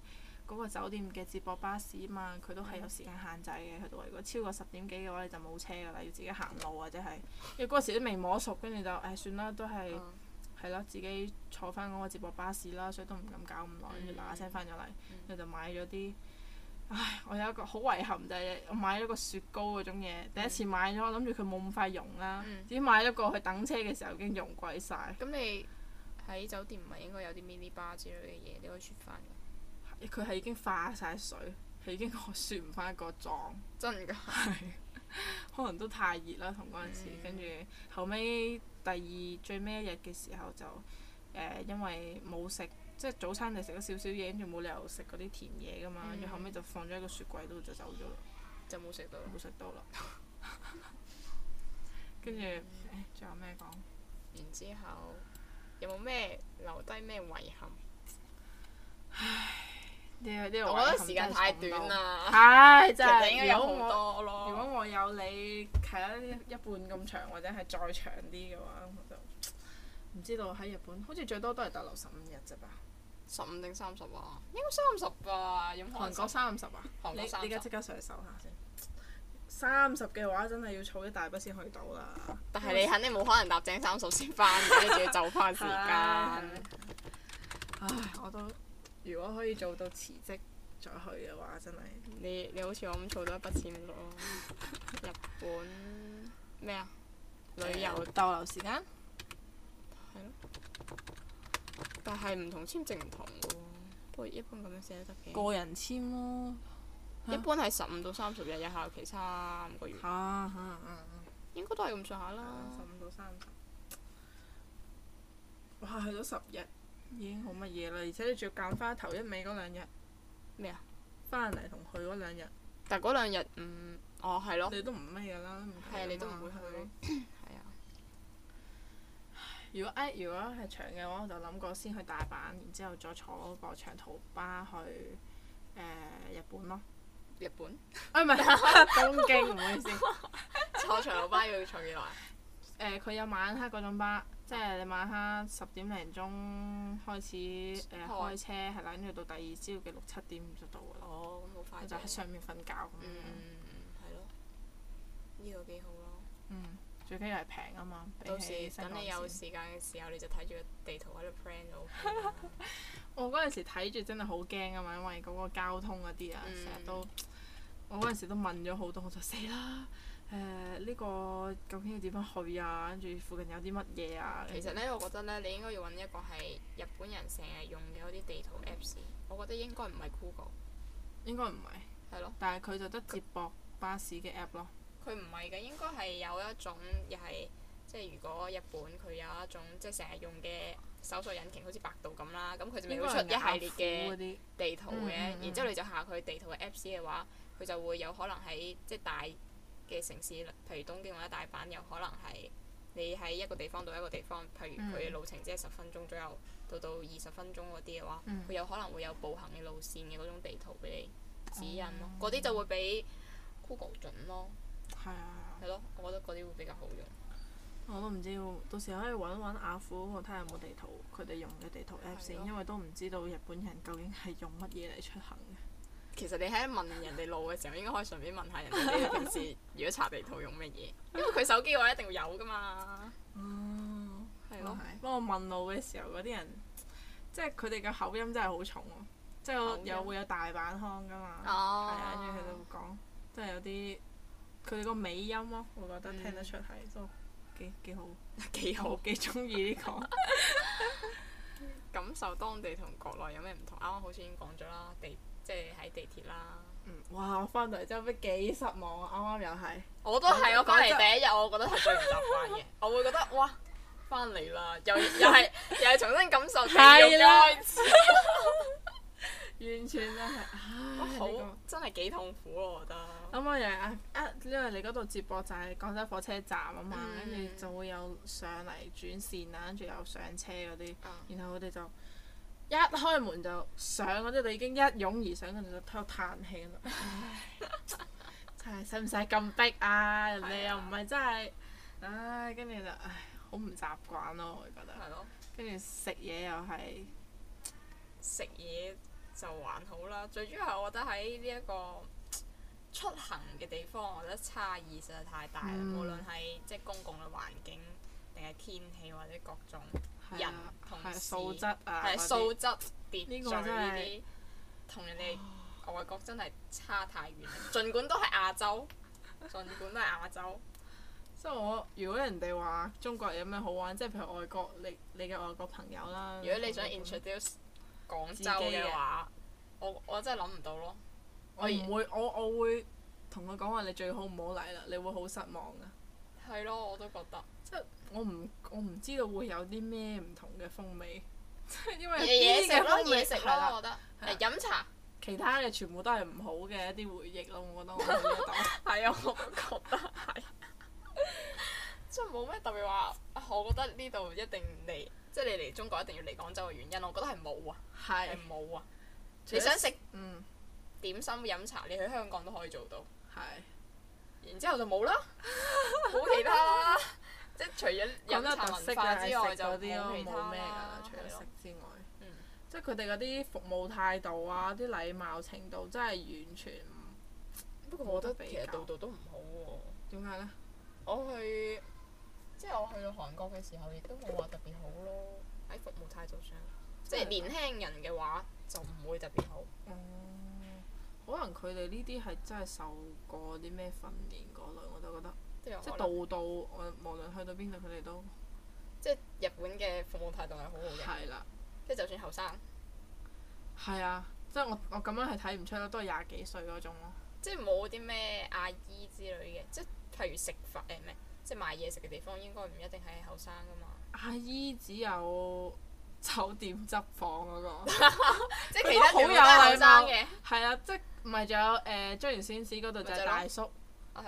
那個酒店嘅接駁巴士啊嘛，佢都係有時間限制嘅，喺度、嗯。如果超過十點幾嘅話，你就冇車噶啦，要自己行路或者係。因為嗰時都未摸熟，跟住就唉、哎、算啦，都係係咯，自己坐翻嗰個接駁巴士啦，所以都唔敢搞咁耐，跟住嗱嗱聲翻咗嚟，跟住、嗯、就買咗啲。唉，我有一個好遺憾就係、是、我買咗個雪糕嗰種嘢，嗯、第一次買咗，諗住佢冇咁快融啦，嗯、只買咗個佢等車嘅時候已經融鬼晒。咁你？喺酒店唔係應該有啲 mini bar 之類嘅嘢，你可以雪翻嘅。佢係已經化晒水，係已經雪唔翻一個狀。真㗎。係。可能都太熱啦，同嗰陣時，跟住後尾第二最尾一日嘅時候就誒，因為冇食，即係早餐就食咗少少嘢，跟住冇理由食嗰啲甜嘢㗎嘛，跟住後尾就放咗喺個雪櫃度就走咗啦。就冇食到。冇食到啦。跟住。誒，仲有咩講？然之後。有冇咩留低咩遺憾？唉，你有啲我覺得時間太短啦。唉、哎，真係好多咯。如果我有你係一一半咁長，或者係再長啲嘅話，我就唔知道喺日本，好似最多都係逗留十五日咋吧？十五定三十啊？應該三十吧。有有韓國三十啊？韓國你你而家即刻上手下先。三十嘅話，真係要儲一大筆先去到啦。但係你肯定冇可能搭正三十先翻，跟住 (laughs) 要就翻時間、 (laughs) 啊啊啊。唉，我都如果可以做到辭職再去嘅話，真係、嗯、你你好似我咁儲到一筆錢咯 (laughs) 本，日本咩啊？旅遊逗留 Yeah. 時間係咯，但係唔同簽證唔同喎。 (music) 不過一般咁樣寫都得嘅。個人簽咯、啊。哈一般係十五到三十日，有效期三個月。啊啊，啊應該都係咁上下啦。十五、啊、到三十。哇！去咗十日已經好乜嘢啦，而且你仲要揀翻頭一尾嗰兩日。咩啊麼？翻嚟同去嗰兩日。但嗰兩日唔，嗯、哦係咯。你都唔咩噶啦？係啊！你都唔會去。係 (coughs) 啊如。如果唉，如果係長嘅話，我就諗過先去大阪，然之後再坐個長途巴去誒、呃、日本咯。日本？啊唔係東京唔好意思。 (laughs) 坐長途巴要坐幾耐？誒、 (laughs) 呃，佢有晚黑嗰種巴，即係你晚黑十點零鐘開始誒、嗯呃、開車，係啦，跟住到第二朝嘅六七點就到哦，好快，就喺上面瞓覺咁樣，係咯，呢個幾好咯。嗯。嗯最緊要係平啊嘛！到時等你有時間嘅時候，你就睇住個地圖喺度 plan 咯。 (laughs) 我嗰陣時睇住真係好驚啊嘛，因為嗰個交通嗰啲啊，成日、嗯、都我嗰陣時都問咗好多，我就死啦！誒、呃，呢個究竟要點樣去啊？跟住附近有啲乜嘢啊？其實咧，我覺得咧，你應該要揾一個係日本人成日用嘅嗰啲地圖 Apps，我覺得應該唔係 Google。應該唔係。係咯。但係佢就得接駁巴士嘅 App 咯。佢唔係嘅，應該係有一種又係即係，如果日本佢有一種即係成日用嘅搜索引擎，好似百度咁啦，咁佢就會出一系列嘅地圖嘅。然之後你就下佢地圖嘅 Apps 嘅話，佢就會有可能喺即係大嘅城市，譬如東京或者大阪，有可能係你喺一個地方到一個地方，譬如佢嘅路程只係十分鐘左右，到到二十分鐘嗰啲嘅話，佢、嗯、有可能會有步行嘅路線嘅嗰種地圖俾你指引咯。嗰啲、嗯、就會比 Google 準咯。係啊係咯，我覺得嗰啲會比較好用。我都唔知到時可以揾揾阿虎，我睇下有冇地圖，佢哋、哦、用嘅地圖 app 先咯，因為都唔知道日本人究竟係用乜嘢嚟出行嘅。其實你喺問人哋路嘅時候，應該可以順便問下人哋你平時如果查地圖用乜嘢。因為佢手機嘅話一定會有㗎嘛。哦、嗯，係咯。不過咯問路嘅時候，嗰啲人即係佢哋嘅口音真係好重喎，即係有， (noise) 有會有大阪腔㗎嘛。跟住佢哋會講，即係有啲。佢哋個尾音咯、啊，我覺得聽得出係都幾幾好，幾好幾鍾意呢個、喔、 (laughs) (laughs) 感受當地同國內有咩唔同？啱啱好似已經講咗啦，地即係喺地鐵啦。嗯，哇！我翻嚟之後，不知幾失望啊！啱啱又係。我都係我翻嚟第一日，我覺得係最唔習慣嘅。我會覺得哇，翻嚟啦，又又係又係重新感受對啦、呃。係啦。完全真係，唉，好真係幾痛苦咯！我覺得。咁我又係啊！因為你嗰度接駁就係廣州火車站啊嘛，跟住就會有上嚟轉線啊，跟住有上車嗰啲，然後佢哋就一開門就上，嗰啲，就已經一擁而上，跟住就喺度嘆氣唉，真係使唔使咁逼啊？人哋又唔係真係，唉，跟住就唉，好唔習慣咯，我覺得。係咯。跟住食嘢又係食嘢。就還好啦，最主要係我覺得喺呢一個出行嘅地方，我覺得差異實在太大啦。嗯、無論係即係公共嘅環境，定係天氣或者各種、啊、人同素質啊，素質別在呢啲同人哋外國真係差太遠。哦、儘管都係亞洲， (laughs) 儘管都係亞洲。即係 (laughs) 我，如果人哋話中國有咩好玩，即、就、係、是、譬如外國，你你嘅外國朋友啦，如果你想 introduce。廣州嘅話，己我我真係諗唔到咯。我唔會，我我會同佢講話，你最好唔好嚟啦，你會好失望噶。係咯，我都覺得。即係我唔我唔知道會有啲咩唔同嘅風味。即係因為。嘢食咯，嘢食咯，我覺得。飲茶、啊。其他嘅全部都係唔好嘅一啲回憶咯，我覺得，我覺得。 (laughs) (laughs) 我係啊，我都覺得係。 (laughs) (laughs) (laughs) 即係冇咩特別話，我覺得呢度一定唔嚟。即係你嚟中國一定要嚟廣州嘅原因，我覺得係冇啊，係冇啊。你想食嗯，點心飲茶，你去香港都可以做到。係。然之後就冇啦，冇其他啦。即係除咗飲茶文化之外，就冇其他。除咗食之外，即係佢哋嗰啲服務態度啊、啲禮貌程度，真係完全。不過，我覺得其實度度都唔好喎。點解咧？我去。即係我去到韓國嘅時候，亦都冇話特別好咯，喺服務態度上。即係年輕人嘅話，嗯、就唔會特別好。嗯、可能佢哋呢啲係真係受過啲咩訓練嗰類，我都覺得。即係，即係度度，我無論去到邊度，佢哋都。即係日本嘅服務態度係好好嘅。係啦了。即係就算後生。係啊，即係我我咁樣係睇唔出咯，都係廿幾歲嗰種咯。即係冇啲咩阿姨之類嘅，即係譬如食飯誒咩。呃即係賣嘢食嘅地方應該唔一定係後生㗎嘛。阿姨只有酒店執房嗰個。 (laughs) 即係是 (laughs) 其他，其他貌嗎。好 (laughs) 有後生嘅。係啊，即係唔係仲有誒？張元先師嗰度就係大叔。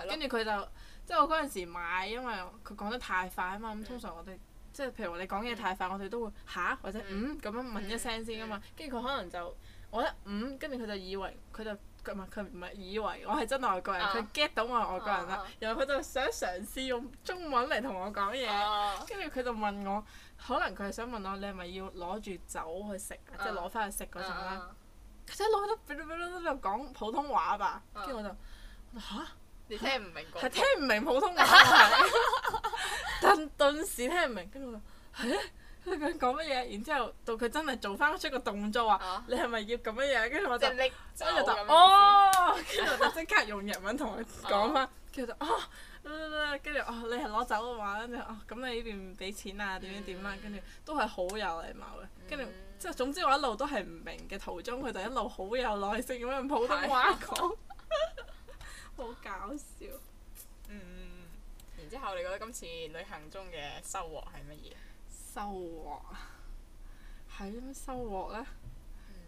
跟住佢就、啊、就即係我嗰陣時買，因為佢講得太快啊嘛。咁通常我哋即係譬如話你講嘢太快，我哋都會嚇、啊、或者嗯咁樣問一聲先啊嘛。跟住佢可能就我覺得嗯，跟住佢就以為佢就，就，就。佢唔係佢唔係以為我係真外國人，佢 get 到我係外國人啦，然後佢就想嘗試用中文嚟同我講嘢，跟住佢就問我，可能佢係想問我你係咪要攞住酒去食，即係攞翻去食嗰種咧？佢一攞咗，嗶哩嗶哩喺度講普通話吧，跟住我就，嚇、啊，你聽唔明，係聽唔明普通話，但 (laughs) (laughs) 頓時聽唔明，跟住我就，係。佢講乜嘢？然之後到佢真係做翻出個動作，話你係咪要咁樣樣？跟住我就，跟住理就哦，跟住 (laughs) 我就即刻用日文同佢講翻。其實 (laughs) 哦，跟住哦，你係攞走嘅話，跟住哦，咁你呢邊俾錢啊？點樣點啊？跟住都係好有禮貌嘅。跟住即係總之，我一路都係唔明嘅途中，佢就一路好有耐性咁樣用普通話講對。 (laughs) (laughs) 好搞笑。嗯。然之後，你覺得今次旅行中嘅收穫係乜嘢？收穫啊！係啊，收穫呢？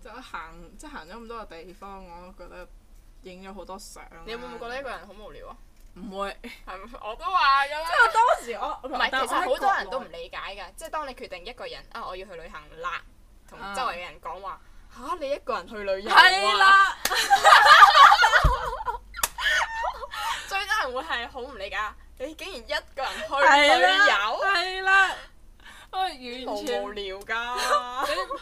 即係行，即係行咗咁多個地方，我覺得影咗好多相啊。你會唔會覺得一個人好無聊啊？唔不會。係，我都話㗎啦。即係當時我。唔不係，其實好多人都唔理解㗎，即係當你決定一個人啊，我要去旅行啦，同周圍嘅人講話嚇，你一個人去旅遊啊。係對啦。 (laughs) 最多人會係好唔理解，你竟然一個人去旅遊。係啦。因為完全無聊噶，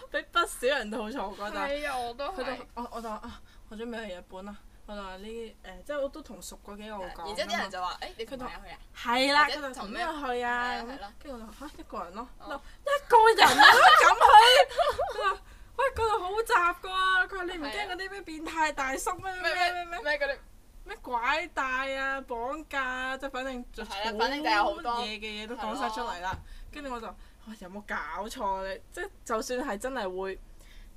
俾俾不少人吐槽過。係啊，我都。佢就我我就話：我準備去日本啦。我就話呢誒，即係我都同熟嗰幾個講。然之後啲人就話：誒，你佢同你去啊？係啦。佢同咩去啊？跟住我就話嚇一個人咯，一個人都敢去？佢話：喂，嗰度好雜噶。佢話：你唔驚嗰啲咩變態大叔咩咩咩咩咩嗰咩拐帶啊、綁架啊，即係反正就好多嘢嘅嘢都講曬出嚟啦。跟住我就。有冇搞錯咧？即係就算係真係會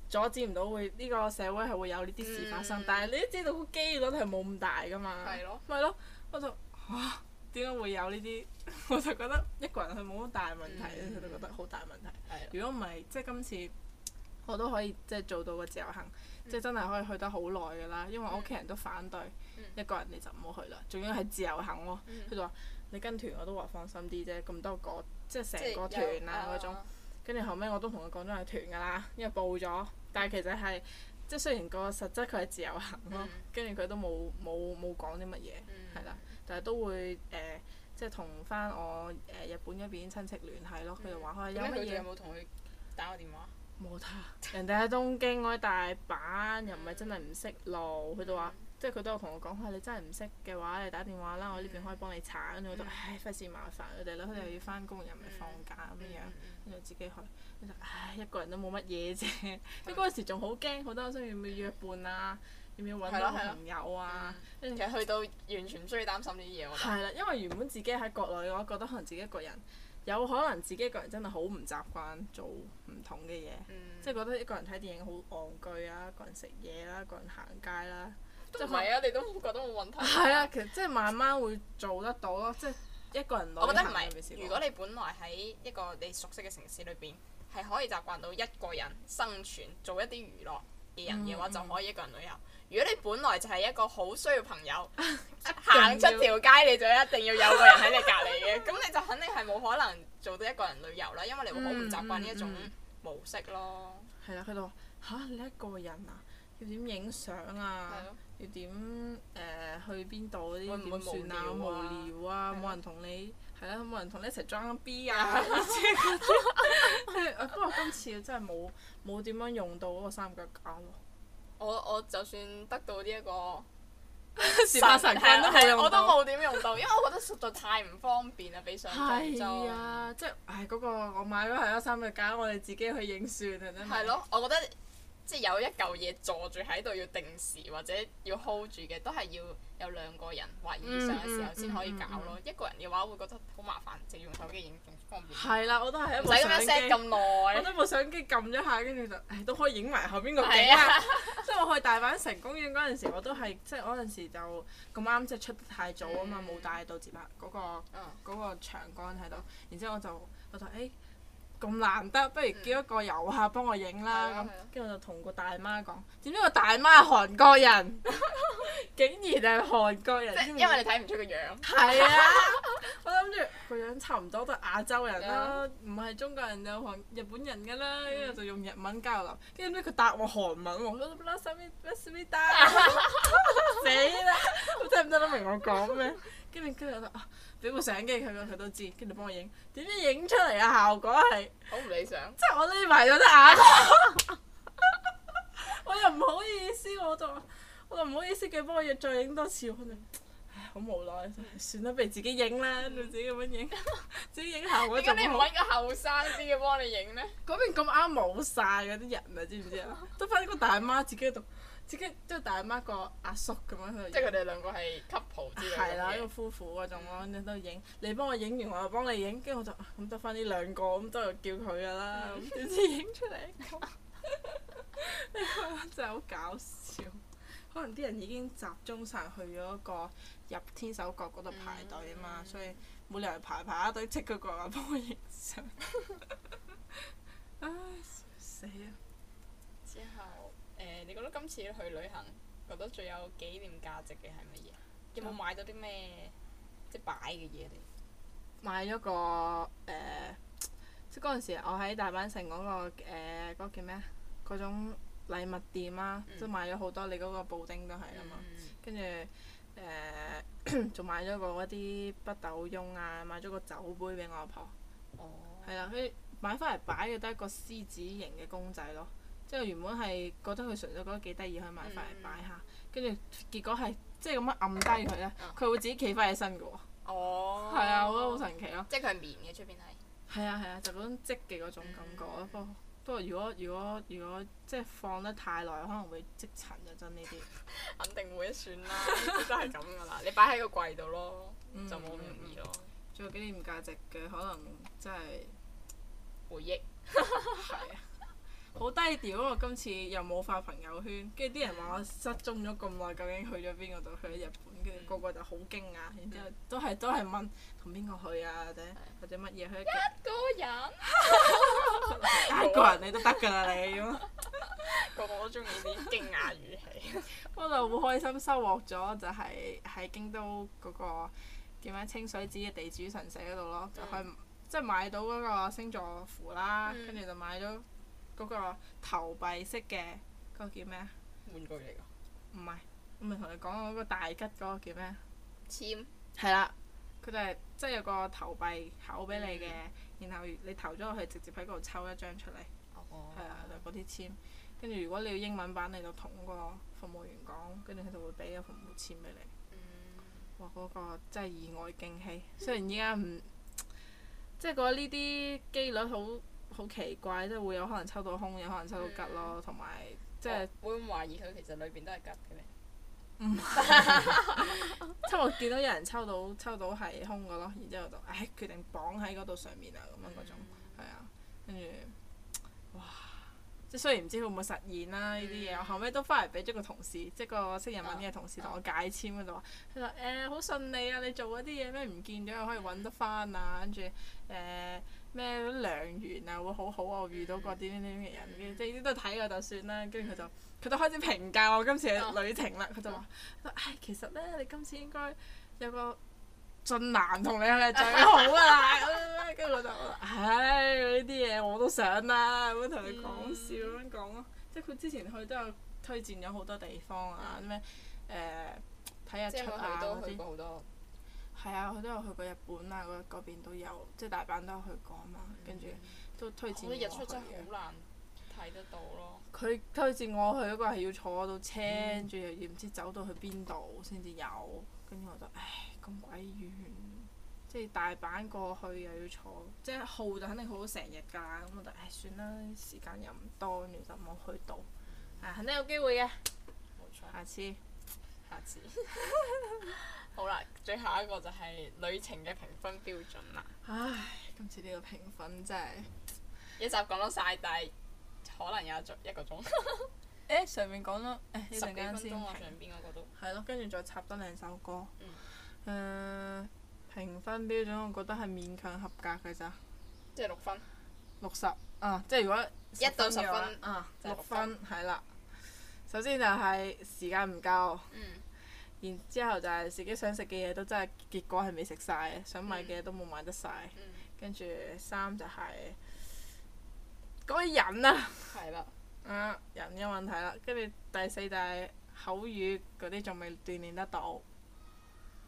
阻止唔到，會、這、呢個社會係會有呢啲事發生。嗯、但係你都知道個機率係冇咁大噶嘛？係咯的。咪咯，我就哇點解會有呢啲？ (laughs) 我就覺得一個人係冇乜大問題，佢哋、嗯、覺得好大問題。如果唔係，即係今次我都可以即係做到個自由行，嗯、即係真係可以去得好耐㗎啦。因為我屋企人都反對、嗯、一個人你就唔好去啦，仲要係自由行喎、啊。佢、嗯、就話：你跟團我都話放心啲啫，咁多個。即係成個團啊嗰有種，啊、跟住後屘我都同佢講咗係團噶啦，因為報咗，但係其實係，即係雖然個實質佢係自由行咯，跟住佢都冇冇冇講啲乜嘢，係啦、嗯，但係都會誒、呃、即係同翻我誒、呃、日本嗰邊親戚聯繫咯，佢、嗯、就話開有乜嘢。咁你哋有冇同佢打過電話？冇打，人哋喺東京嗰啲 (laughs) 大阪，又唔係真係唔識路，佢就話。即係佢都有同我講、哎、你真係唔識嘅話，你打電話啦，我呢邊可以幫你查。跟住我覺得唉，費事麻煩佢哋啦，佢哋又要翻工，又唔係放假咁、嗯、樣，跟住自己去。其實唉，一個人都冇乜嘢啫。跟住嗰陣時仲好驚，好多想要唔要約伴啊，嗯、要唔要揾朋友啊。跟住、嗯、其實去到完全唔需要擔心呢啲嘢。我係啦，因為原本自己喺國內嘅話，我覺得可能自己一個人，有可能自己一個人真係好唔習慣做唔同嘅嘢。嗯、即係覺得一個人睇電影好戇居啊，一個人食嘢啦，一個人行街啦。就唔係啊！你都覺得冇問題？係啊、嗯，其實即係慢慢會做得到咯，即、就、係、是、一個人旅遊。我覺得唔係，如果你本來喺一個你熟悉嘅城市裏邊，係可以習慣到一個人生存、做一啲娛樂嘅人嘅話，就可以一個人旅遊。嗯、如果你本來就係一個好需要朋友，行出條街你就一定要有個人喺你隔離嘅，咁 (laughs) 你就肯定係冇可能做到一個人旅遊啦，因為你會好唔習慣呢一種模式咯。係、嗯嗯嗯、啊，佢就話嚇你一個人啊！要點影相啊？要點、呃、去邊度嗰啲點算啊？會唔會無聊啊！冇、啊、人同你係啦，冇人同你一齊裝緊 B 啊！不過今次真係冇冇點樣用到嗰個三腳架咯、啊。我我就算得到呢一個都。我都冇點用到，因為我覺得實在太唔方便啦！俾相機。啊，即係唉！嗰個我買咗係咯三腳架，我哋自己去影算係咪？係咯，我覺得。即係有一嚿嘢坐住喺度要定時或者要 hold 住嘅，都係要有兩個人或以上嘅時候先可以搞咯。嗯嗯嗯、一個人嘅話會覺得好麻煩，淨係用手機影仲方便。係啦，我都係一部相機，唔使咁樣 set 咁耐。我都部相機撳咗下，跟住就，唉，都可以影埋後邊個景。即係我去大阪城公園嗰陣時，我都係即係嗰陣時就咁啱即係出得太早啊嘛，冇、嗯、帶到自拍嗰、嗰個嗰、嗰個嗯、個長杆喺度，然之後我就我就誒。咁難得，不如叫一個遊客幫我影啦咁，跟住我就同個大媽講，點知個大媽係韓國人，竟然係韓國人，因為你睇唔出個樣。係啊，我諗住個樣差唔多都係亞洲人啦，唔係中國人就韓日本人㗎啦，跟住就用日文交流，跟住佢答我韓文喎，我覺得，死啦！聽唔聽得明我講咩？跟住跟住我話，俾部相機佢佢都知，跟住幫我影。點知影出嚟嘅效果係，好唔理想。即係我匿埋咗隻眼， (laughs) (laughs) 我又唔好意思，我就我就唔好意思叫幫我再影多次。我真係，唉，好無奈。 (laughs) 算啦，不如自己影啦，你自己咁樣影，自己影 (laughs) 效果就唔好。點解你唔揾個後生啲嘅幫你影呢？嗰 (laughs) 邊咁啱冇晒嗰啲人啊，知唔知啊？得翻 (laughs) 個大媽自己喺度。自己即係大媽個阿叔咁樣去，即係佢哋兩個係 couple 之類啦，一個，夫婦嗰種咯，喺度影。你幫我影完，我又幫你影，跟住我就咁得翻呢兩個，咁都係叫佢噶啦。咁點知影出嚟一個，真係好搞笑！可能啲人已經集中曬去咗嗰個入天守閣嗰度排隊啊嘛，嗯、所以冇理由排排一隊堆，即佢個又幫我影相。唉，笑死！啊。你覺得今次去旅行覺得最有紀念價值嘅係乜嘢？Yeah. 有冇買到啲咩即係擺嘅嘢嚟？買咗個誒，即係嗰陣時我喺大阪城嗰、嗰個誒嗰、呃嗰個叫咩啊？嗰種禮物店啊，都、嗯、買咗好多。你嗰個布丁都係啊嘛，跟住誒仲買咗個嗰啲北斗翁啊，買咗個酒杯俾我阿婆。哦。係啦，佢買翻嚟擺嘅都係一個獅子型嘅公仔咯。即係原本係覺得佢純粹覺得幾得意，可以買翻嚟擺下。跟住結果係即係咁樣撳低佢咧，佢會自己企翻起身嘅喎。哦。係啊，我覺得好神奇咯。即係佢係棉嘅，出邊係。係啊係啊，就嗰種織嘅嗰種感覺咯。不過不過，如果如果如果即係放得太耐，可能會積塵就真呢啲。肯定會，算啦，都係咁嘅啦。你擺喺個櫃度咯，就冇咁容易咯。仲有紀念價值嘅可能真係回憶。係啊。好低調，不過今次又冇發朋友圈，跟住啲人話我失蹤咗咁耐，究竟去咗邊個度？去咗日本，跟住個個就好驚訝，嗯、然之後都係，都係問同邊個去啊，或者對或者乜嘢？去一，個一個人， (laughs) (laughs) 一個人你都得㗎啦，你咁個 (laughs) 個都中意啲驚訝語氣。不 (laughs) (laughs) 就好開心收穫，收穫咗就係、是、喺京都嗰、那個叫咩清水寺嘅地主神社嗰度咯，嗯、就去即係買到嗰個星座符啦，跟住、嗯、就買咗。嗰個投幣式嘅嗰、嗰個叫咩啊？玩具嚟㗎。唔係，我咪同你講嗰個大吉嗰、嗰個叫咩啊？籤簽。係啦。佢就係即係有個投幣口俾你嘅，嗯、然後你投咗落去，直接喺嗰度抽一張出嚟。哦。係啊，就嗰啲籤。跟住、嗯、如果你要英文版，你就同嗰個服務員講，跟住佢就會俾個服務籤俾你。嗯。哇！嗰、嗰個真係意外驚喜， (laughs) 雖然依家唔，即係覺得呢啲機率好。好奇怪，即係會有可能抽到空，有可能抽到吉咯，同埋即係、哦、會懷疑佢其實裏邊都係吉嘅。唔係， (laughs) (laughs) (laughs) 即係我見到有人抽到抽到係空嘅咯，然之後就唉、哎，決定綁喺嗰度上面啊咁樣嗰種，係、嗯、啊，跟住哇！即係雖然唔知會唔會實現啦呢啲嘢，嗯、我後尾都翻嚟俾咗個同事，即係、嗯、個識日文嘅同事同我解簽嗰度話，佢話誒好順利啊，你做嗰啲嘢咩唔見咗又可以揾得翻啊，跟住誒。嗯嗯嗯。咩良緣啊，會好好啊！我遇到過啲啲咩人，即係呢啲都睇過就算啦。跟住佢就佢就開始評價我今次嘅旅程啦。佢、哦、就話、嗯：，唉，其實咧，你今次應該有個俊男同你去係最好啦、啊。跟住 (laughs) 我就：，唉，呢啲嘢我都想啦、啊。咁樣同你講笑咁樣講咯。即係佢之前去都有推薦咗好多地方啊，咩誒睇日出亞、啊、都好多。係啊，佢都有去過日本啊，嗰嗰邊都有，即係大阪都有去過啊嘛。跟住、嗯、都推薦我日出真係好難睇得到咯。佢推薦我去嗰個係要坐到車，跟住、嗯、又要唔知走到去邊度先至有。跟住我就唉咁鬼遠，即係大阪過去又要坐，即係耗就肯定耗咗成日㗎啦。咁我就唉算啦，時間又唔多，跟住就冇去到。唉、啊，肯定有機會嘅。冇錯。下次。下次。 (laughs) 好啦，最後一個就係旅程嘅評分標準啦。唉，今次呢個評分真係一集講到晒，但係可能有一個一個鐘。誒、 (laughs) 欸，上面講咗誒。欸、十幾分鐘啊！上邊嗰個都。係咯，跟住再插多兩首歌。嗯。誒、呃，評分標準我覺得係勉強合格嘅咋。即係六分。六十啊！即係如果。一到十分啊！六、就係、分係啦。首先就係時間唔夠。嗯。然之後就係自己想食嘅嘢都真係，結果係未食曬。嗯、想買嘅都冇買得曬。跟住，嗯、三就係嗰個人啊。係啦的。啊，人嘅問題啦。跟住第四就係口語嗰啲仲未鍛鍊得到。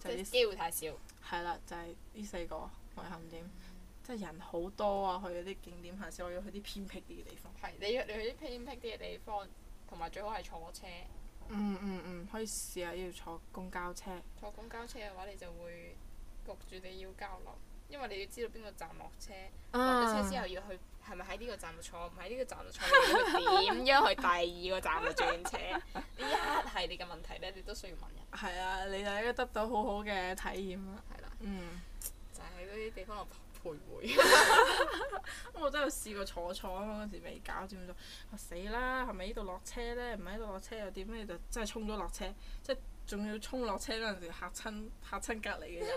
就是，即啲機會太少。係啦，就係、是，呢四個遺憾點。嗯、即係人好多啊，嗯、去嗰啲景點，下次我要去啲偏僻啲嘅地方。係，你約你去啲偏僻啲嘅地方，同埋最好係坐車。嗯嗯嗯，可以試下要坐公交車。坐公交車嘅話，你就會焗住你要交流，因為你要知道邊個站落車。落咗、嗯、車之後要去，係咪喺呢個站度坐？唔喺呢個站度坐， (laughs) 你 (laughs) 要點樣去第二個站度轉車？呢 (laughs) 一係你嘅問題咧，你都需要問人。係啊，你就應該得到好好嘅體驗啦。係啦、啊。嗯。就喺嗰啲地方落。徘徊， (laughs) 我真係有試過坐錯坐嘛，嗰時未搞掂咗，啊死啦！係咪呢度落車咧？唔係呢度落車又點咧？就真係衝咗落車，即係仲要衝落車嗰陣時嚇親嚇親隔離嘅人，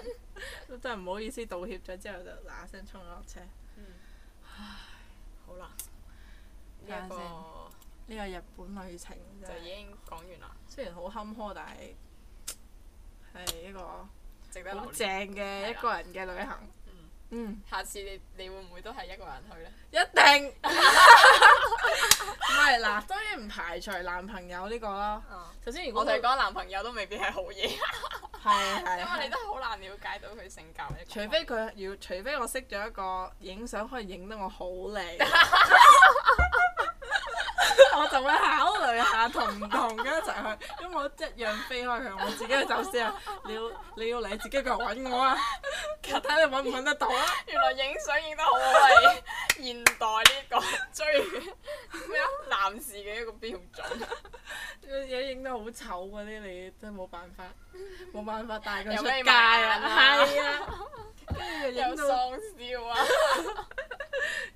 都 (laughs) 真係唔好意思道歉咗之後就嗱嗱聲衝咗落車。嗯、唉，好啦。呢、個呢看個日本旅程就已經講完啦。雖然好坎坷，但係係一個值得好正嘅一個人嘅旅行。嗯，下次你你會唔會都係一個人去咧？一定，唔係嗱，當然唔排除男朋友呢個啦。嗯、首先，我同你講，男朋友都未必係好嘢，係係，因為你都好難了解到佢性格。除非佢要，除非我識咗一個影相，可以影得我好靚。 (laughs) 我就會考慮下同唔同嘅一齊去，咁我一樣飛開佢，我自己去走先啊！你要你要嚟，自己過嚟揾我啊！睇下你揾唔揾得到啊！原來影相影得好係 (laughs) 現代呢個追咩啊男士嘅一個標準，個嘢影得好醜嗰啲，你真係冇辦法，冇辦法帶佢出街 (laughs) 啊！係 (laughs) 啊， (laughs) 又到有喪笑啊！ (laughs)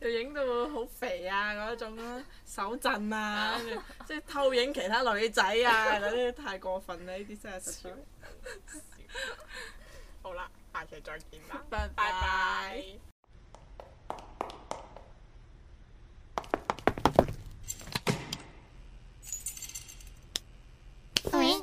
就影到好肥啊嗰種啊，手震啊， (laughs) 即係偷影其他女仔啊嗰啲 (laughs) 太過分啦！呢啲真係少。 (laughs) 好啦，下期再見啦，拜拜。喂。